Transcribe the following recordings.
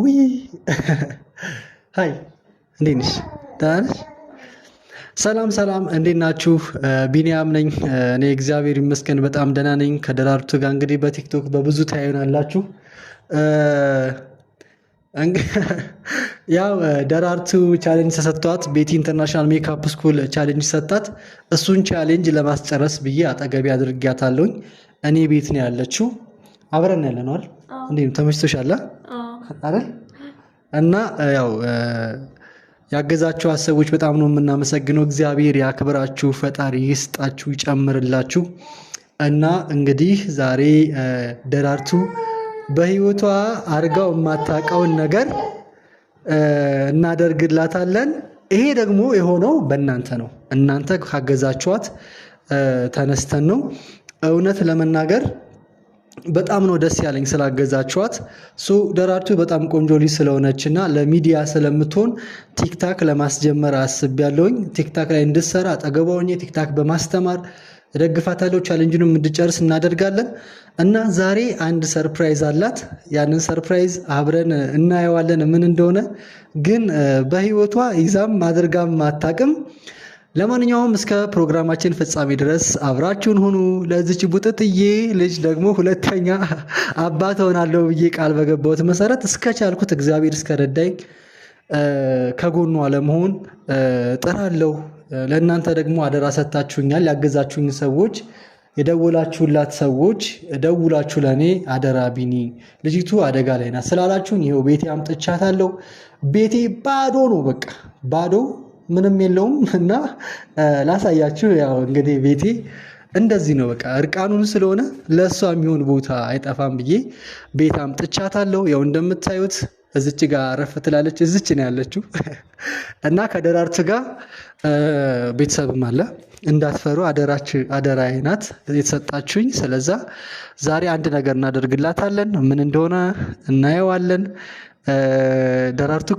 ውይ ሀይ፣ እንዴት ነሽ? ደህና ነሽ? ሰላም ሰላም፣ እንዴት ናችሁ? ቢኒያም ነኝ። እኔ እግዚአብሔር ይመስገን በጣም ደህና ነኝ። ከደራርቱ ጋር እንግዲህ በቲክቶክ በብዙ ታዩናላችሁ። ያው ደራርቱ ቻሌንጅ ተሰጥቷት ቤቲ ኢንተርናሽናል ሜካፕ ስኩል ቻሌንጅ ሰጣት። እሱን ቻሌንጅ ለማስጨረስ ብዬ አጠገቢ አድርጊያታለሁኝ። እኔ ቤት ነው ያለችው። አብረን ያለነዋል። ነው አይደል? እንዴ ተመችቶሻል? አይደል? እና ያው ያገዛችኋት ሰዎች በጣም ነው የምናመሰግነው። እግዚአብሔር ያክብራችሁ፣ ፈጣሪ ይስጣችሁ፣ ይጨምርላችሁ። እና እንግዲህ ዛሬ ደራርቱ በህይወቷ አርጋው የማታውቀውን ነገር እናደርግላታለን። ይሄ ደግሞ የሆነው በእናንተ ነው። እናንተ ካገዛችኋት ተነስተን ነው እውነት ለመናገር በጣም ነው ደስ ያለኝ ስላገዛችኋት። ሶ ደራርቱ በጣም ቆንጆ ልጅ ስለሆነች እና ለሚዲያ ስለምትሆን ቲክታክ ለማስጀመር አስቤያለሁኝ። ቲክታክ ላይ እንድትሰራ አጠገቧ ሆኜ ቲክታክ በማስተማር እደግፋታለሁ። ቻሌንጅንም እንድጨርስ እናደርጋለን እና ዛሬ አንድ ሰርፕራይዝ አላት። ያንን ሰርፕራይዝ አብረን እናየዋለን ምን እንደሆነ። ግን በህይወቷ ይዛም አድርጋም አታውቅም። ለማንኛውም እስከ ፕሮግራማችን ፍጻሜ ድረስ አብራችሁን ሁኑ። ለዚች ቡጥጥዬ ልጅ ደግሞ ሁለተኛ አባት ሆናለሁ ብዬ ቃል በገባሁት መሰረት እስከ ቻልኩት እግዚአብሔር እስከረዳኝ ከጎኗ ለመሆን ጥራለሁ። ለእናንተ ደግሞ አደራ ሰጥታችሁኛል። ያገዛችሁኝ ሰዎች የደወላችሁላት ሰዎች ደውላችሁ ለእኔ አደራ ቢኒ ልጅቱ አደጋ ላይ ናት ስላላችሁኝ ይኸው ቤቴ አምጥቻታለሁ። ቤቴ ባዶ ነው፣ በቃ ባዶ ምንም የለውም እና ላሳያችሁ። ያው እንግዲህ ቤቴ እንደዚህ ነው በቃ እርቃኑን ስለሆነ ለእሷ የሚሆን ቦታ አይጠፋም ብዬ ቤት አምጥቻታለሁ። ያው እንደምታዩት እዚች ጋር አረፍ ትላለች፣ እዚች ነው ያለችው እና ከደራርቱ ጋር ቤተሰብም አለ። እንዳትፈሩ አደራዬ ናት የተሰጣችሁኝ። ስለዛ ዛሬ አንድ ነገር እናደርግላታለን። ምን እንደሆነ እናየዋለን። ደራርቱ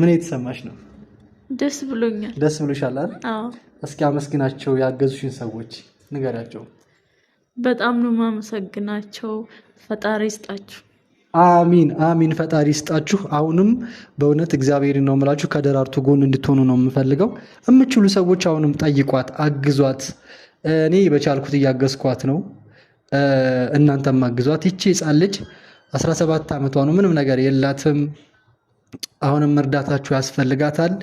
ምን የተሰማች ነው? ደስ ብሎኛል። ደስ ብሎሻል እስኪ አመስግናቸው፣ ያገዙሽን ሰዎች ንገሪያቸው። በጣም ነው ማመሰግናቸው። ፈጣሪ ይስጣችሁ። አሚን አሚን። ፈጣሪ ይስጣችሁ። አሁንም በእውነት እግዚአብሔርን ነው የምላችሁ፣ ከደራርቱ ጎን እንድትሆኑ ነው የምፈልገው። የምችሉ ሰዎች አሁንም ጠይቋት፣ አግዟት። እኔ በቻልኩት እያገዝኳት ነው፣ እናንተም አግዟት። ይቺ ህፃን ልጅ 17 ዓመቷ ነው፣ ምንም ነገር የላትም። አሁንም እርዳታችሁ ያስፈልጋታል።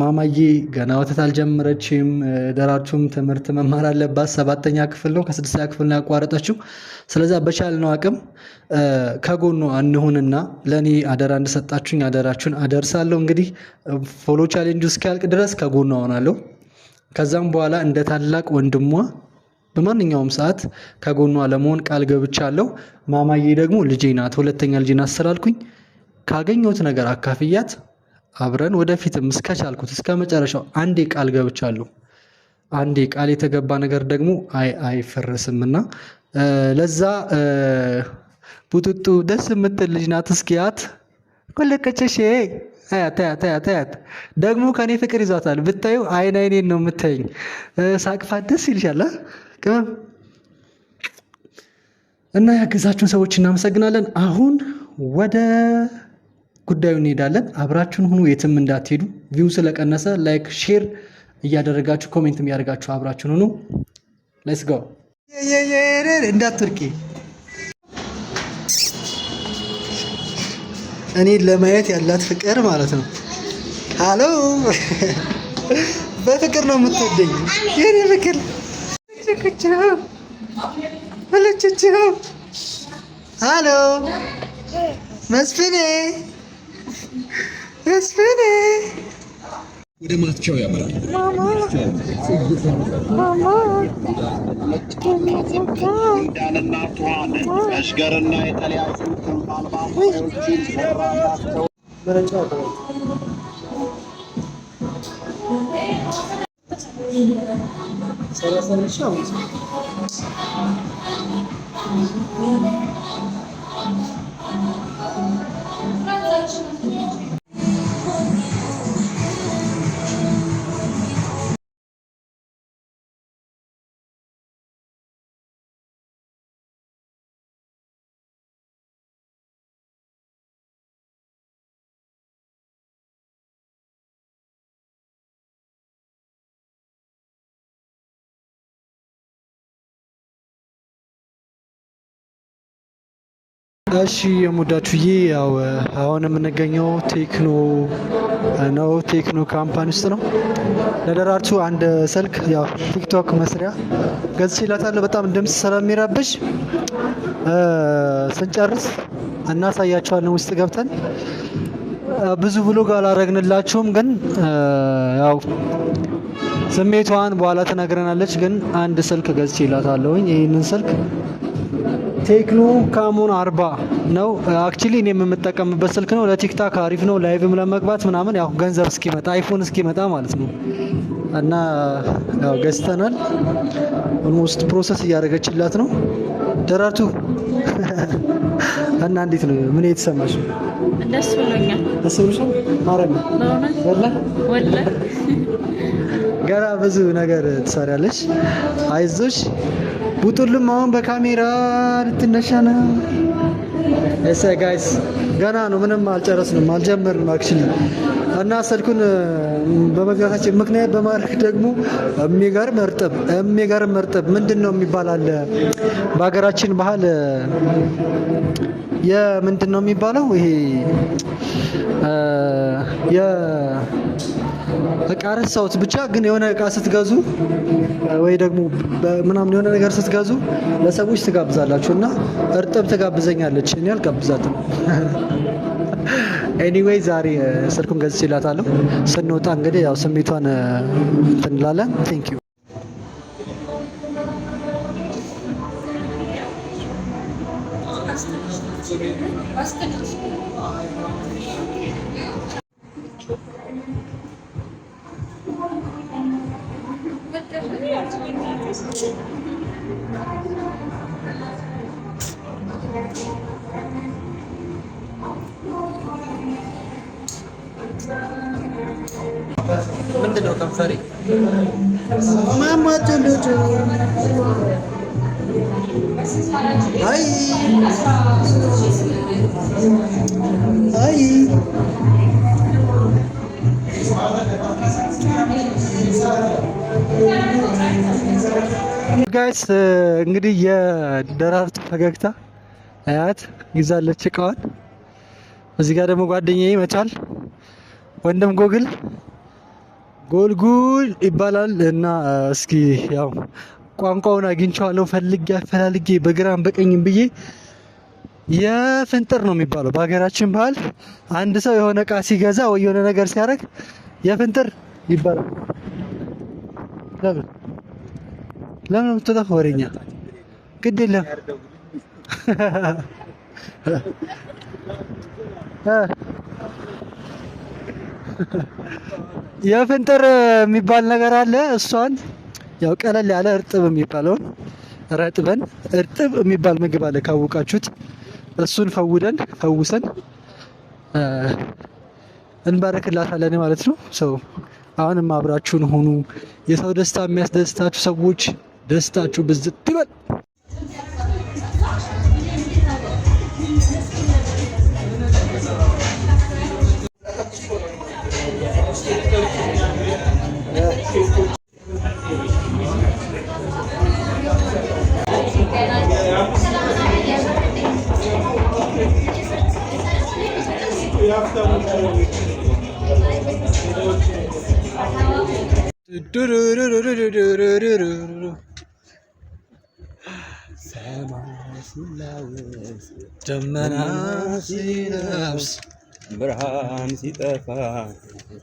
ማማዬ ገና ወተት አልጀመረችም። ደራችሁም ትምህርት መማር አለባት። ሰባተኛ ክፍል ነው ከስድስተኛ ክፍል ነው ያቋረጠችው። ስለዛ በቻልነው አቅም ከጎኑ እንሁንና ለእኔ አደራ እንደሰጣችሁኝ አደራችሁን አደርሳለሁ። እንግዲህ ፎሎ ቻሌንጅ እስኪያልቅ ድረስ ከጎኑ አሆናለሁ። ከዛም በኋላ እንደ ታላቅ ወንድሟ በማንኛውም ሰዓት ከጎኗ ለመሆን ቃል ገብቻለሁ። ማማዬ ደግሞ ልጄ ናት፣ ሁለተኛ ልጄ ናት ስላልኩኝ ካገኘሁት ነገር አካፍያት አብረን ወደፊትም እስከቻልኩት እስከ መጨረሻው አንዴ ቃል ገብቻለሁ። አንዴ ቃል የተገባ ነገር ደግሞ አይ አይፈረስም እና ለዛ ቡጡጡ ደስ የምትል ልጅ ናት። እስኪያት ቆለቀችሽ አያት ደግሞ ከኔ ፍቅር ይዟታል። ብታዩ አይን አይኔን ነው የምታይኝ። ሳቅፋት ደስ ይልሻል። ቅመም እና ያገዛችሁን ሰዎች እናመሰግናለን። አሁን ወደ ጉዳዩ እንሄዳለን። አብራችሁን ሁኑ፣ የትም እንዳትሄዱ። ቪው ስለቀነሰ ላይክ፣ ሼር እያደረጋችሁ ኮሜንትም እያደረጋችሁ አብራችሁን ሁኑ። ሌትስ ጎ እንዳትርቂ እኔ ለማየት ያላት ፍቅር ማለት ነው። ሃሎ በፍቅር ነው የምትወደኝ የኔ ፍቅር አለችችው። ሃሎ መስፍኔ It's Vinny. Det måste jag göra bara. Mamma. Mamma. Mamma. Mamma. እሺ የሙዳችዬ ያው አሁን የምንገኘው ቴክኖ ነው። ቴክኖ ካምፓኒ ውስጥ ነው። ለደራርቱ አንድ ስልክ ያው ቲክቶክ መስሪያ ገዝቼላታለሁ። በጣም ድምፅ ስለሚረብሽ ስንጨርስ እናሳያቸዋለን። ውስጥ ገብተን ብዙ ብሎግ አላረግንላችሁም፣ ግን ያው ስሜቷን በኋላ ትነግረናለች። ግን አንድ ስልክ ገዝቼላታለሁኝ ይህንን ስልክ ቴክኖ ካሞን አርባ ነው አክቹሊ እኔ የምጠቀምበት ስልክ ነው። ለቲክታክ አሪፍ ነው። ላይቭም ለመግባት ምናምን ያው ገንዘብ እስኪመጣ አይፎን እስኪመጣ ማለት ነው። እና ያው ገዝተናል። ኦልሞስት ፕሮሰስ እያደረገችላት ነው ደራርቱ። እና እንዴት ነው? ምን የተሰማሽ? ደስ ብሎኛል። ደስ ብሎሻል? ወለ ገና ብዙ ነገር ትሰሪያለሽ። አይዞሽ ቡጡልም አሁን በካሜራ ልትነሻ ነው። እሰ ጋይስ ገና ነው፣ ምንም አልጨረስንም፣ አልጀመርንም አክቹሊ እና ስልኩን በመግዛታችን ምክንያት በማድረግ ደግሞ የሚገርም እርጥብ የሚገርም እርጥብ ምንድን ነው የሚባል አለ በሀገራችን ባህል የምንድን ነው የሚባለው ይሄ እቃ ረሳሁት። ብቻ ግን የሆነ እቃ ስትገዙ ወይ ደግሞ ምናምን የሆነ ነገር ስትገዙ ለሰዎች ትጋብዛላችሁ እና እርጥብ ትጋብዘኛለች፣ እኔ አልጋብዛትም። ኤኒዌይ ዛሬ ስልኩን ገዝቼ እላታለሁ። ስንወጣ እንግዲህ ያው ስሜቷን እንትን እንላለን። ቴንክ ዩ Mama cundu cundu. Hai. Hai. ጋይስ እንግዲህ የደራርቱ ፈገግታ አያት ይዛለች እቃዋን። እዚህ ጋር ደግሞ ጓደኛዬ ይመቻል ወንድም ጎግል ጎልጉል ይባላል እና እስኪ ያው ቋንቋውን አግኝቼዋለሁ ፈልጌ አፈላልጌ በግራም በቀኝም ብዬ የፍንጥር ነው የሚባለው በሀገራችን ባህል። አንድ ሰው የሆነ እቃ ሲገዛ ወይ የሆነ ነገር ሲያደርግ የፍንጥር ይባላል። ለምን የምትወጣው ወሬኛ? ግድ የለም የፍንጥር የሚባል ነገር አለ። እሷን ያው ቀለል ያለ እርጥብ የሚባለውን ረጥበን እርጥብ የሚባል ምግብ አለ ካወቃችሁት፣ እሱን ፈውደን ፈውሰን እንባረክላታለን ማለት ነው። ሰው አሁንም አብራችሁን ሆኑ። የሰው ደስታ የሚያስደስታችሁ ሰዎች ደስታችሁ ብዝት ይበል። Dürü. ደመና ሲለብስ ብርሃን ሲጠፋ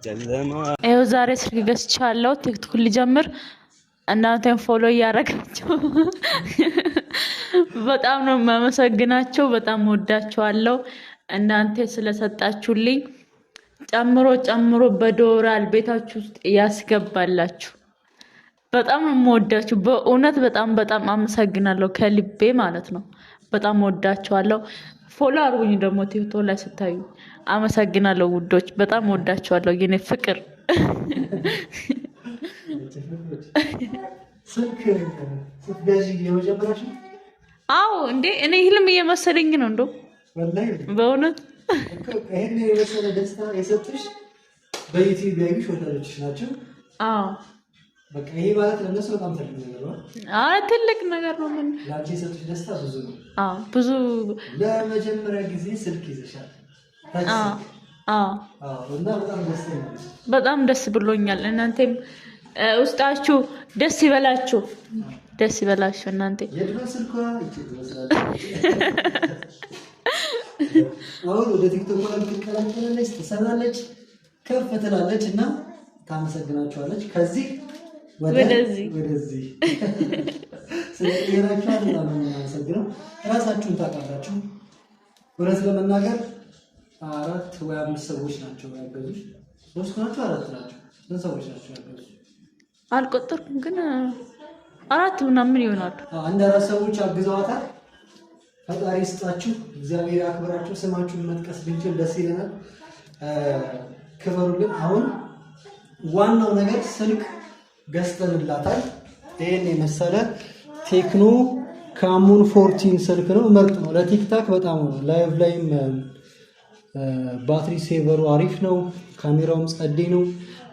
ጨለማ። ይኸው ዛሬ ስልክ ገዝቻለሁ። ቲክቶክ ልጀምር። እናንተን ፎሎ እያደረጋቸው በጣም ነው የማመሰግናቸው። በጣም ወዳቸዋለሁ። እናንተ ስለሰጣችሁልኝ ጨምሮ ጨምሮ በዶላር ቤታችሁ ውስጥ ያስገባላችሁ። በጣም የምወዳችሁ በእውነት በጣም በጣም አመሰግናለሁ ከልቤ ማለት ነው። በጣም ወዳችኋለሁ። ፎሎ አርጉኝ ደግሞ ቲክቶ ላይ ስታዩ። አመሰግናለሁ ውዶች፣ በጣም ወዳችኋለሁ። የኔ ፍቅር አዎ፣ እንዴ እኔ ህልም እየመሰለኝ ነው እንዶ በእውነት ይህን የመሰለ ደስታ የሰጡሽ በዩቲዩብ ያዩሽ ወዳጆችሽ ናቸው። በቃ ይሄ ማለት ለነሱ በጣም ትልቅ ነገር ነው። ትልቅ ነገር ነው። ምን የሰጡሽ ደስታ ብዙ ነው። ብዙ ለመጀመሪያ ጊዜ ስልክ ይዘሻል። እና በጣም ደስ በጣም ደስ ብሎኛል። እናንተም ውስጣችሁ ደስ ይበላችሁ፣ ደስ ይበላችሁ እናንተ አሁን ወደ ቲክቶክ ትቀላቀላለች፣ ትሰራለች፣ ከፍ ትላለች እና ታመሰግናችኋለች ከዚህ ወደዚህ ወደዚህ ስለሄዳችኋል እራሳችሁን ታውቃላችሁ። እውነት ለመናገር አራት ወይ አምስት ሰዎች ናቸው ሶስት ናቸው አራት ናቸው ስንት ሰዎች ናቸው አልቆጠርኩም ግን አራት ምናምን ይሆናሉ። አንድ አራት ሰዎች አግዘዋታል። ፈጣሪ ስጣችሁ፣ እግዚአብሔር አክብራችሁ። ስማችሁን መጥቀስ ብንችል ደስ ይለናል። ክበሩልን። አሁን ዋናው ነገር ስልክ ገዝተንላታል። ይህን የመሰለ ቴክኖ ካሙን ፎርቲን ስልክ ነው፣ ምርጥ ነው። ለቲክታክ በጣም ነው። ላይቭ ላይም ባትሪ ሴቨሩ አሪፍ ነው፣ ካሜራውም ጸዴ ነው።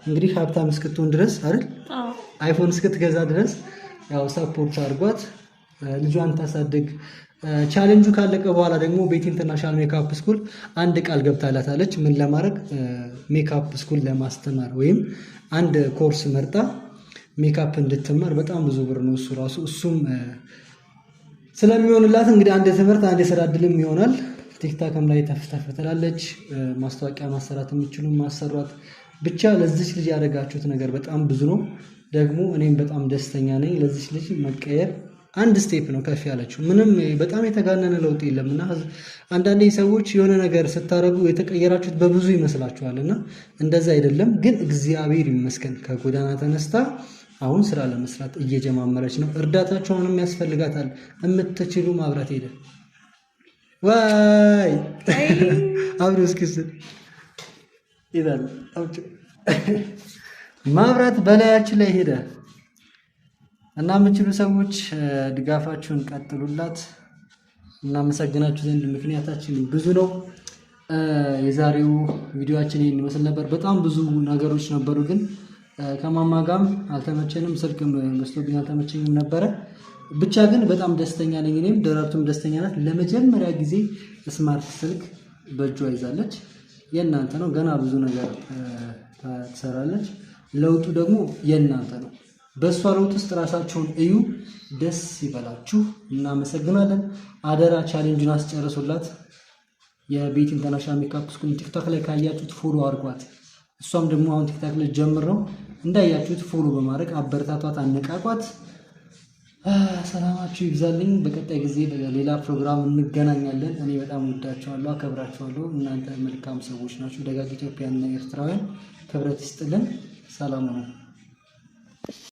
እንግዲህ ሀብታም እስክትሆን ድረስ አይደል አይፎን እስክትገዛ ድረስ ያው ሰፖርት አድርጓት፣ ልጇን ታሳድግ። ቻሌንጁ ካለቀ በኋላ ደግሞ ቤት ኢንተርናሽናል ሜካፕ ስኩል አንድ ቃል ገብታላታለች። ምን ለማድረግ ሜካፕ ስኩል ለማስተማር ወይም አንድ ኮርስ መርጣ ሜካፕ እንድትማር በጣም ብዙ ብር ነው እሱ ራሱ እሱም ስለሚሆንላት እንግዲህ አንድ ትምህርት አንድ የስራ እድልም ይሆናል። ቲክታክም ላይ ተፍተፍ ትላለች። ማስታወቂያ ማሰራት የምችሉ ማሰራት ብቻ ለዚች ልጅ ያደረጋችሁት ነገር በጣም ብዙ ነው። ደግሞ እኔም በጣም ደስተኛ ነኝ። ለዚች ልጅ መቀየር አንድ ስቴፕ ነው ከፍ ያለችው። ምንም በጣም የተጋነነ ለውጥ የለም እና አንዳንዴ ሰዎች የሆነ ነገር ስታደርጉ የተቀየራችሁት በብዙ ይመስላችኋል እና እንደዛ አይደለም። ግን እግዚአብሔር ይመስገን ከጎዳና ተነስታ አሁን ስራ ለመስራት እየጀማመረች ነው። እርዳታቸውንም ያስፈልጋታል። የምትችሉ ማብራት ሄደ ዋይ አብዶ እስኪስ ይላል ማብራት በላያችን ላይ ሄደ እና የምችሉ ሰዎች ድጋፋችሁን ቀጥሉላት። እናመሰግናችሁ ዘንድ ምክንያታችን ብዙ ነው። የዛሬው ቪዲዮአችን ይህን ይመስል ነበር። በጣም ብዙ ነገሮች ነበሩ ግን ከማማ አልተመቸንም፣ ስልክ መስሎብኝ አልተመቸኝም ነበረ። ብቻ ግን በጣም ደስተኛ ነኝ። እኔም ደራርቱም ደስተኛ ናት። ለመጀመሪያ ጊዜ ስማርት ስልክ በእጇ ይዛለች። የእናንተ ነው። ገና ብዙ ነገር ትሰራለች። ለውጡ ደግሞ የእናንተ ነው። በእሷ ለውጥ ውስጥ ራሳቸውን እዩ። ደስ ይበላችሁ። እናመሰግናለን። አደራ ቻሌንጅን አስጨርሱላት። የቤት ኢንተርናሽናል ሜካፕ ስኩል ቲክቶክ ላይ ካያችሁት ፎሎ አድርጓት። እሷም ደግሞ አሁን ቲክታክ ልጅ ጀምረው እንዳያችሁት ፎሎ በማድረግ አበረታቷት፣ አነቃቋት። ሰላማችሁ ይብዛልኝ። በቀጣይ ጊዜ በሌላ ፕሮግራም እንገናኛለን። እኔ በጣም ወዳችኋለሁ፣ አከብራችኋለሁ። እናንተ መልካም ሰዎች ናችሁ። ደጋግ ኢትዮጵያና ኤርትራውያን ክብረት ይስጥልን። ሰላም ነው።